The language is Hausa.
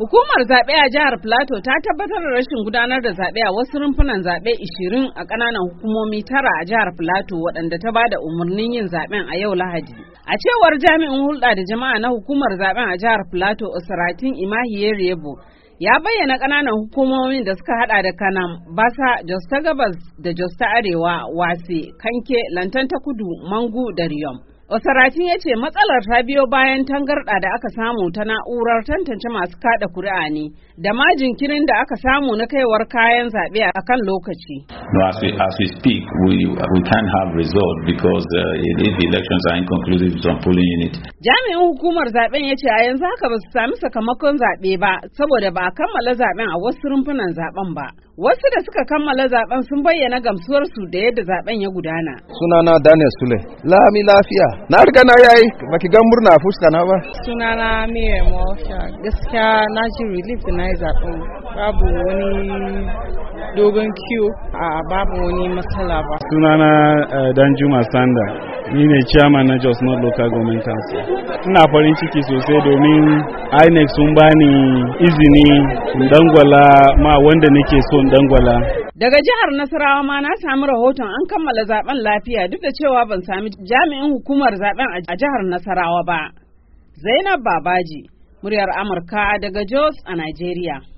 Hukumar zaɓe a jihar Plateau ta tabbatar da rashin gudanar da zaɓe a wasu rumfunan zaɓe 20 a ƙananan hukumomi tara a jihar Plateau waɗanda ta ba da umarnin yin zaɓen a yau Lahadi. A cewar jami'in hulɗa da jama'a na hukumar zaɓen a jihar Plateau Osiratin Imahiye Rebo ya bayyana ƙananan hukumomi da suka hada da Kanam, Basa, Jos ta Gabas da Jos ta Arewa, Wase, Kanke, Lantan ta Kudu, Mangu da Riyom. Osaratin ya ce matsalar ta biyo bayan tangarɗa da aka samu ta na'urar tantance masu kada kuri'a ne da ma jinkirin da aka samu na kaiwar kayan zaɓe a kan lokaci. No, as we as we speak, we we can't have result because uh, if elections are inconclusive from polling unit. Jami'in hukumar zaben ya ce a yanzu haka ba su sami sakamakon zaɓe ba saboda ba a kammala zaben a wasu rumfunan zaben ba. Wasu da suka kammala zaben sun bayyana gamsuwarsu da yadda zaben ya gudana. Sunana Daniel Sule. Lami lafiya. Na riga na yayi baki ga murna fuska na ba. Sunana Miriam Walsha. Gaskiya na ji relief na yi zaben. Babu wani dogon kiwo a babu wani matsala ba. Sunana eh, Danjuma Sanda, ni ne chairman na Jos North Local Government Council. Ina farin ciki sosai domin INEC sun bani izini in dangwala ma wanda nake so in dangwala. Daga jihar Nasarawa ma na sami rahoton an kammala zaben lafiya duk da cewa ban sami jami'in hukumar zaben a jihar Nasarawa ba. Zainab Babaji, muryar Amurka daga Jos a Najeriya.